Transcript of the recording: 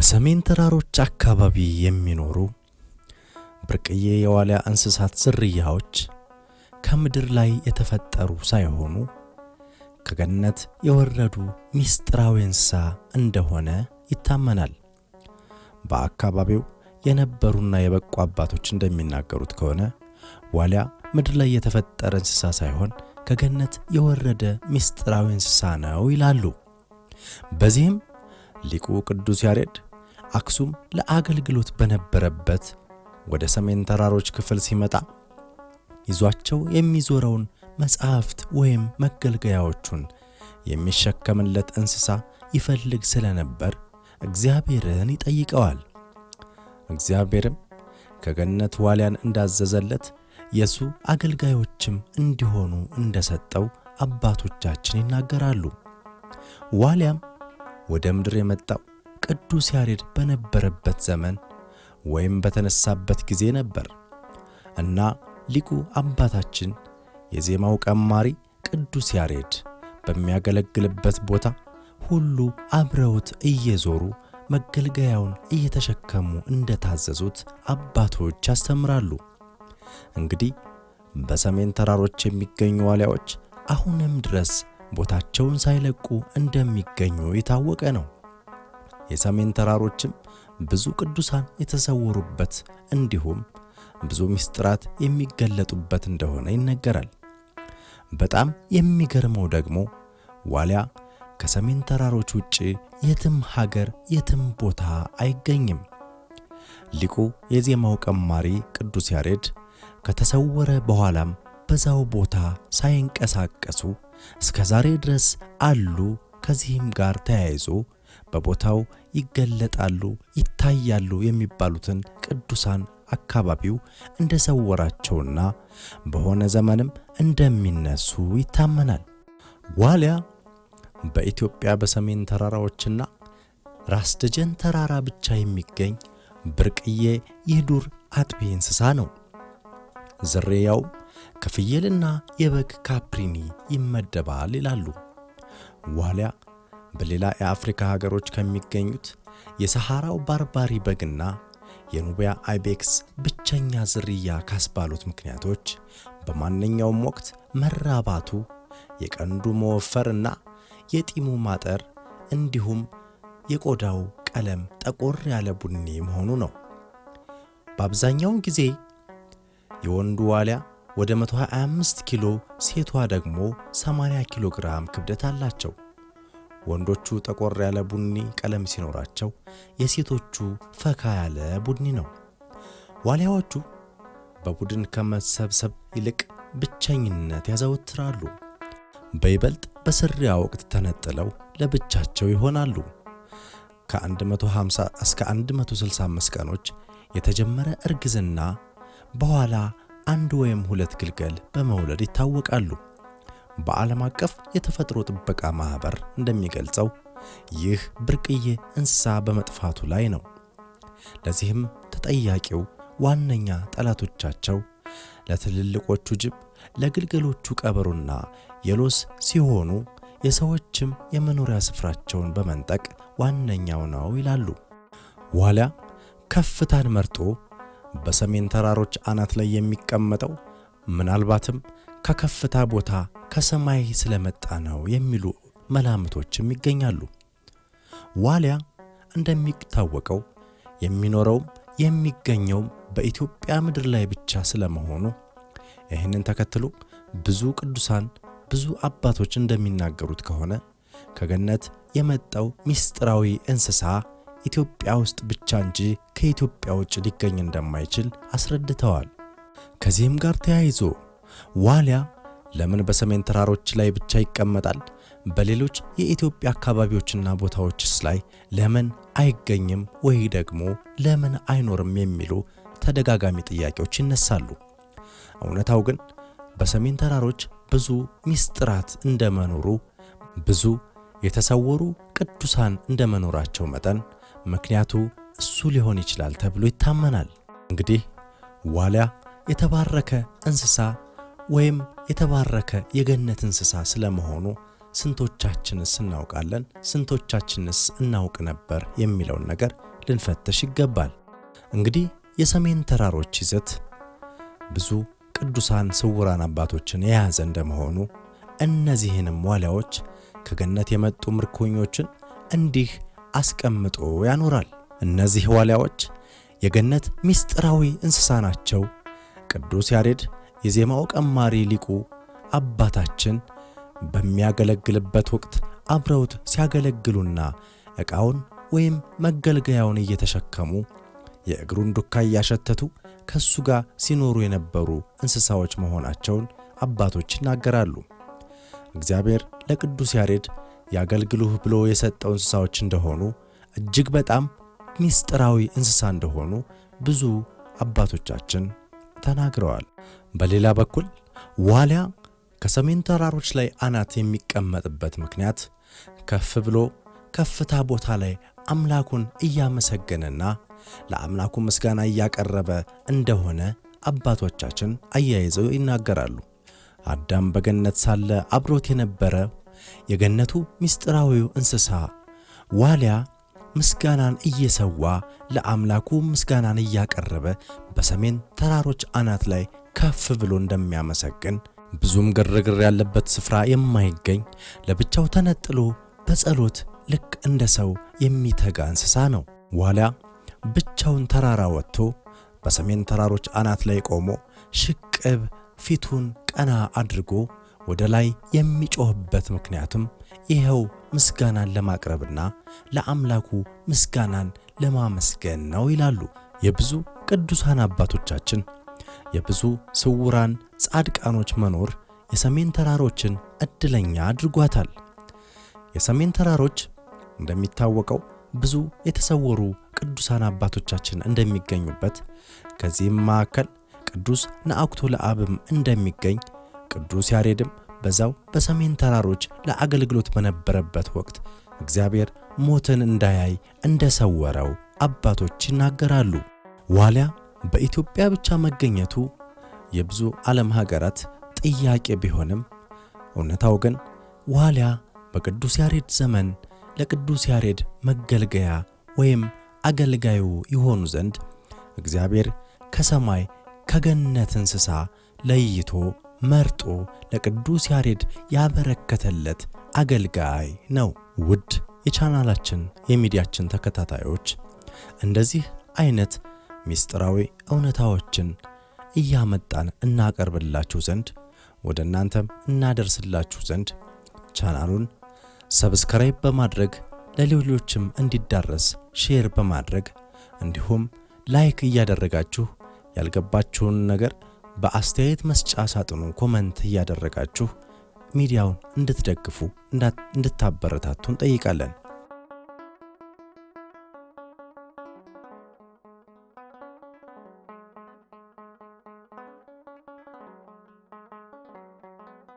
በሰሜን ተራሮች አካባቢ የሚኖሩ ብርቅዬ የዋልያ እንስሳት ዝርያዎች ከምድር ላይ የተፈጠሩ ሳይሆኑ ከገነት የወረዱ ሚስጥራዊ እንስሳ እንደሆነ ይታመናል። በአካባቢው የነበሩና የበቁ አባቶች እንደሚናገሩት ከሆነ ዋልያ ምድር ላይ የተፈጠረ እንስሳ ሳይሆን ከገነት የወረደ ሚስጥራዊ እንስሳ ነው ይላሉ። በዚህም ሊቁ ቅዱስ ያሬድ አክሱም ለአገልግሎት በነበረበት ወደ ሰሜን ተራሮች ክፍል ሲመጣ ይዟቸው የሚዞረውን መጻሕፍት ወይም መገልገያዎቹን የሚሸከምለት እንስሳ ይፈልግ ስለነበር እግዚአብሔርን ይጠይቀዋል። እግዚአብሔርም ከገነት ዋልያን እንዳዘዘለት የሱ አገልጋዮችም እንዲሆኑ እንደሰጠው አባቶቻችን ይናገራሉ። ዋልያም ወደ ምድር የመጣው ቅዱስ ያሬድ በነበረበት ዘመን ወይም በተነሳበት ጊዜ ነበር እና ሊቁ አባታችን የዜማው ቀማሪ ቅዱስ ያሬድ በሚያገለግልበት ቦታ ሁሉ አብረውት እየዞሩ መገልገያውን እየተሸከሙ እንደታዘዙት አባቶች ያስተምራሉ። እንግዲህ በሰሜን ተራሮች የሚገኙ ዋልያዎች አሁንም ድረስ ቦታቸውን ሳይለቁ እንደሚገኙ የታወቀ ነው። የሰሜን ተራሮችም ብዙ ቅዱሳን የተሰወሩበት እንዲሁም ብዙ ምስጢራት የሚገለጡበት እንደሆነ ይነገራል። በጣም የሚገርመው ደግሞ ዋልያ ከሰሜን ተራሮች ውጭ የትም ሀገር የትም ቦታ አይገኝም። ሊቁ የዜማው ቀማሪ ቅዱስ ያሬድ ከተሰወረ በኋላም በዛው ቦታ ሳይንቀሳቀሱ እስከ ዛሬ ድረስ አሉ። ከዚህም ጋር ተያይዞ በቦታው ይገለጣሉ፣ ይታያሉ የሚባሉትን ቅዱሳን አካባቢው እንደሰወራቸውና በሆነ ዘመንም እንደሚነሱ ይታመናል። ዋልያ በኢትዮጵያ በሰሜን ተራራዎችና ራስ ደጀን ተራራ ብቻ የሚገኝ ብርቅዬ የዱር አጥቢ እንስሳ ነው። ዝርያው ከፍየልና የበግ ካፕሪኒ ይመደባል ይላሉ። ዋልያ በሌላ የአፍሪካ ሀገሮች ከሚገኙት የሰሐራው ባርባሪ በግና የኑቢያ አይቤክስ ብቸኛ ዝርያ ካስባሉት ምክንያቶች በማንኛውም ወቅት መራባቱ፣ የቀንዱ መወፈርና የጢሙ ማጠር እንዲሁም የቆዳው ቀለም ጠቆር ያለ ቡኒ መሆኑ ነው። በአብዛኛውን ጊዜ የወንዱ ዋልያ ወደ 125 ኪሎ፣ ሴቷ ደግሞ 80 ኪሎ ግራም ክብደት አላቸው። ወንዶቹ ጠቆር ያለ ቡኒ ቀለም ሲኖራቸው፣ የሴቶቹ ፈካ ያለ ቡኒ ነው። ዋልያዎቹ በቡድን ከመሰብሰብ ይልቅ ብቸኝነት ያዘወትራሉ። በይበልጥ በስሪያ ወቅት ተነጥለው ለብቻቸው ይሆናሉ። ከ150 እስከ 165 ቀኖች የተጀመረ እርግዝና በኋላ አንድ ወይም ሁለት ግልገል በመውለድ ይታወቃሉ። በዓለም አቀፍ የተፈጥሮ ጥበቃ ማኅበር እንደሚገልጸው ይህ ብርቅዬ እንስሳ በመጥፋቱ ላይ ነው። ለዚህም ተጠያቂው ዋነኛ ጠላቶቻቸው ለትልልቆቹ ጅብ፣ ለግልገሎቹ ቀበሮና የሎስ ሲሆኑ የሰዎችም የመኖሪያ ስፍራቸውን በመንጠቅ ዋነኛው ነው ይላሉ። ዋሊያ ከፍታን መርጦ በሰሜን ተራሮች አናት ላይ የሚቀመጠው ምናልባትም ከከፍታ ቦታ ከሰማይ ስለመጣ ነው የሚሉ መላምቶችም ይገኛሉ። ዋልያ እንደሚታወቀው የሚኖረውም የሚገኘውም በኢትዮጵያ ምድር ላይ ብቻ ስለመሆኑ ይህንን ተከትሎ ብዙ ቅዱሳን ብዙ አባቶች እንደሚናገሩት ከሆነ ከገነት የመጣው ምስጢራዊ እንስሳ ኢትዮጵያ ውስጥ ብቻ እንጂ ከኢትዮጵያ ውጭ ሊገኝ እንደማይችል አስረድተዋል። ከዚህም ጋር ተያይዞ ዋልያ ለምን በሰሜን ተራሮች ላይ ብቻ ይቀመጣል? በሌሎች የኢትዮጵያ አካባቢዎችና ቦታዎችስ ላይ ለምን አይገኝም ወይ ደግሞ ለምን አይኖርም የሚሉ ተደጋጋሚ ጥያቄዎች ይነሳሉ። እውነታው ግን በሰሜን ተራሮች ብዙ ሚስጥራት እንደመኖሩ ብዙ የተሰወሩ ቅዱሳን እንደመኖራቸው መጠን ምክንያቱ እሱ ሊሆን ይችላል ተብሎ ይታመናል። እንግዲህ ዋልያ የተባረከ እንስሳ ወይም የተባረከ የገነት እንስሳ ስለመሆኑ ስንቶቻችንስ እናውቃለን? ስንቶቻችንስ እናውቅ ነበር የሚለውን ነገር ልንፈተሽ ይገባል። እንግዲህ የሰሜን ተራሮች ይዘት ብዙ ቅዱሳን ስውራን አባቶችን የያዘ እንደመሆኑ እነዚህንም ዋልያዎች ከገነት የመጡ ምርኮኞችን እንዲህ አስቀምጦ ያኖራል። እነዚህ ዋልያዎች የገነት ምስጢራዊ እንስሳ ናቸው። ቅዱስ ያሬድ የዜማው ቀማሪ ሊቁ አባታችን በሚያገለግልበት ወቅት አብረውት ሲያገለግሉና ዕቃውን ወይም መገልገያውን እየተሸከሙ የእግሩን ዱካ እያሸተቱ ከሱ ጋር ሲኖሩ የነበሩ እንስሳዎች መሆናቸውን አባቶች ይናገራሉ። እግዚአብሔር ለቅዱስ ያሬድ ያገልግሉህ ብሎ የሰጠው እንስሳዎች እንደሆኑ እጅግ በጣም ምስጢራዊ እንስሳ እንደሆኑ ብዙ አባቶቻችን ተናግረዋል። በሌላ በኩል ዋሊያ ከሰሜን ተራሮች ላይ አናት የሚቀመጥበት ምክንያት ከፍ ብሎ ከፍታ ቦታ ላይ አምላኩን እያመሰገነና ለአምላኩ ምስጋና እያቀረበ እንደሆነ አባቶቻችን አያይዘው ይናገራሉ። አዳም በገነት ሳለ አብሮት የነበረ የገነቱ ምስጢራዊው እንስሳ ዋሊያ ምስጋናን እየሰዋ ለአምላኩ ምስጋናን እያቀረበ በሰሜን ተራሮች አናት ላይ ከፍ ብሎ እንደሚያመሰግን ብዙም ግርግር ያለበት ስፍራ የማይገኝ ለብቻው ተነጥሎ በጸሎት ልክ እንደ ሰው የሚተጋ እንስሳ ነው። ዋልያ ብቻውን ተራራ ወጥቶ በሰሜን ተራሮች አናት ላይ ቆሞ ሽቅብ ፊቱን ቀና አድርጎ ወደ ላይ የሚጮህበት ምክንያትም ይኸው ምስጋናን ለማቅረብና ለአምላኩ ምስጋናን ለማመስገን ነው ይላሉ የብዙ ቅዱሳን አባቶቻችን የብዙ ስውራን ጻድቃኖች መኖር የሰሜን ተራሮችን እድለኛ አድርጓታል። የሰሜን ተራሮች እንደሚታወቀው ብዙ የተሰወሩ ቅዱሳን አባቶቻችን እንደሚገኙበት ከዚህም መካከል ቅዱስ ነአኩቶ ለአብም እንደሚገኝ ቅዱስ ያሬድም በዛው በሰሜን ተራሮች ለአገልግሎት በነበረበት ወቅት እግዚአብሔር ሞትን እንዳያይ እንደሰወረው አባቶች ይናገራሉ። ዋሊያ በኢትዮጵያ ብቻ መገኘቱ የብዙ ዓለም ሀገራት ጥያቄ ቢሆንም እውነታው ግን ዋሊያ በቅዱስ ያሬድ ዘመን ለቅዱስ ያሬድ መገልገያ ወይም አገልጋዩ ይሆኑ ዘንድ እግዚአብሔር ከሰማይ ከገነት እንስሳ ለይቶ መርጦ ለቅዱስ ያሬድ ያበረከተለት አገልጋይ ነው። ውድ የቻናላችን የሚዲያችን ተከታታዮች እንደዚህ አይነት ምስጢራዊ እውነታዎችን እያመጣን እናቀርብላችሁ ዘንድ ወደ እናንተም እናደርስላችሁ ዘንድ ቻናሉን ሰብስክራይብ በማድረግ ለሌሎችም እንዲዳረስ ሼር በማድረግ እንዲሁም ላይክ እያደረጋችሁ ያልገባችሁን ነገር በአስተያየት መስጫ ሳጥኑ ኮመንት እያደረጋችሁ ሚዲያውን እንድትደግፉ እንድታበረታቱን ጠይቃለን።